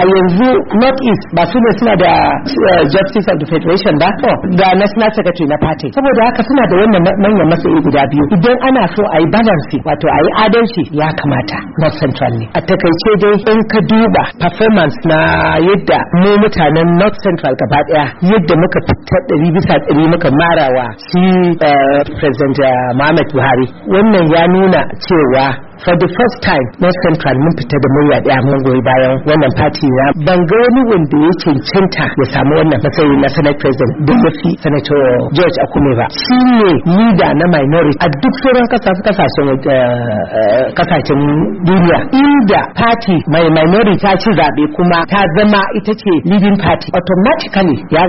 a yanzu north east ba su ne suna da eh, justice of the federation ba da oh. national secretary na party saboda haka suna da wannan manyan matsayi guda biyu idan ana so a yi balance wato a yi adalci ya kamata north central ne a takaice dai in ka duba performance na yadda mu mutanen north central gaba daya yadda muka fitar dari bisa ɗari muka marawa shi eh, president eh, muhammad buhari wannan ya nuna cewa for the first time na central mun fita da murya daya mun goyi bayan wannan party na ban ga wani wanda ya cancanta ya samu wannan matsayi na senate president da ya fi senator george akume ba shi ne leader na minority a duk sauran kasashen eh, eh, kasashen duniya inda party mai minority ta ci zaɓe kuma ta zama ita ce leading party automatically ya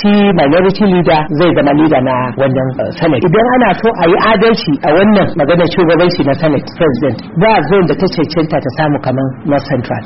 shi minority leader zai zama leader na wannan eh, senate idan ana so a yi adalci a wannan maganar shugabanci na senate president ba zone da ta cancanta ta samu kamar north central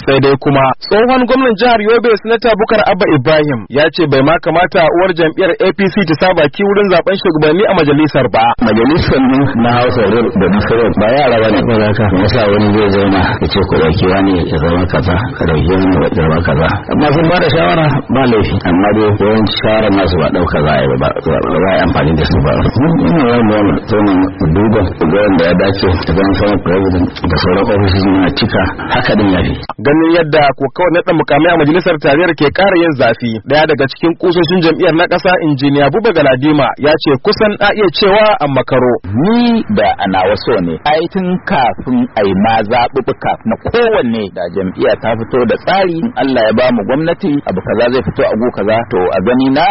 sai dai kuma tsohon gwamnan jihar yobe senator bukar abba ibrahim ya ce bai ma kamata uwar jam'iyyar apc ta saba ki wurin zaben shugabanni a majalisar ba majalisar ne na hausa da nasarar ba yara ba ne ba za ka yasa wani zai zauna ya ce ku dauki wani ya zama kaza ka dauki wani ya zama kaza amma sun ba da shawara ba laifi amma dai yawan shawara nasu ba dauka za a yi ba za a yi amfani da su ba ina wani wani tsohon duba ga wanda ya dace ta zama conference president da sauran offices na cika haka din yafi ganin yadda ko kawai na dan mukamai a majalisar tarayyar ke kara yin zafi daya daga cikin kusoshin jam'iyyar na ƙasa injiniya Buba Galadima ya ce kusan a iya cewa a makaro ni da ana waso ne ai tun kafin ai ma zaɓuɓɓuka na kowanne da jam'iyya ta fito da tsari Allah ya ba mu gwamnati abu kaza zai fito a kaza to a gani na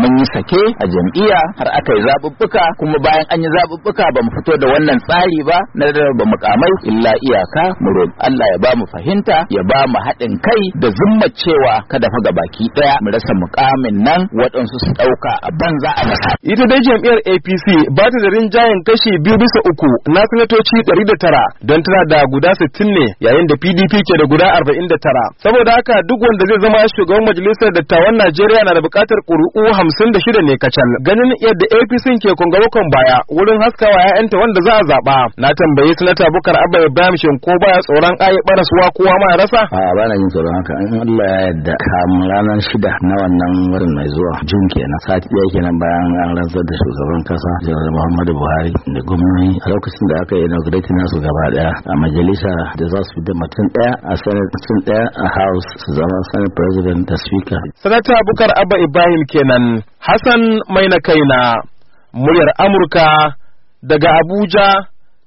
mun yi sake a jam'iyya har aka yi zaɓuɓɓuka kuma bayan an yi zaɓuɓɓuka ba mu fito da wannan tsari ba na sadar da mukamai illa iyaka mu Allah ya ba mu fahimta ya ba mu haɗin kai da zumma cewa kada fa ga baki ɗaya mu rasa mukamin nan waɗansu su ɗauka a banza a masa. Ita dai jam'iyyar APC ba ta da rinjayen kashi biyu bisa uku na sanatoci ɗari da tara don tana da guda sittin ne yayin da PDP ke da guda arba'in da tara. Saboda haka duk wanda zai zama shugaban majalisar dattawan Najeriya na da buƙatar ƙuri'u hamsin da shida ne kacal. Ganin yadda APC ke kwangwakon baya wurin haskawa 'ya'yanta wanda za a zaɓa. Na tambayi tambayi sanata bukar abba ibrahim shin ko baya tsoron ayi barasuwa kowa ma rasa a ba na jin tsoron haka in allah ya yarda kamun ranar shida na wannan wurin mai zuwa jun kenan sati ɗaya kenan bayan an rantsar da shugaban kasa jihar muhammadu buhari da gwamnati a lokacin da aka yi inaugurating nasu gaba daya a majalisa da za su da mutum daya a sanar mutum daya a house su zama senate president da speaker sanata bukar abba ibrahim kenan hassan mai na kaina muryar amurka daga abuja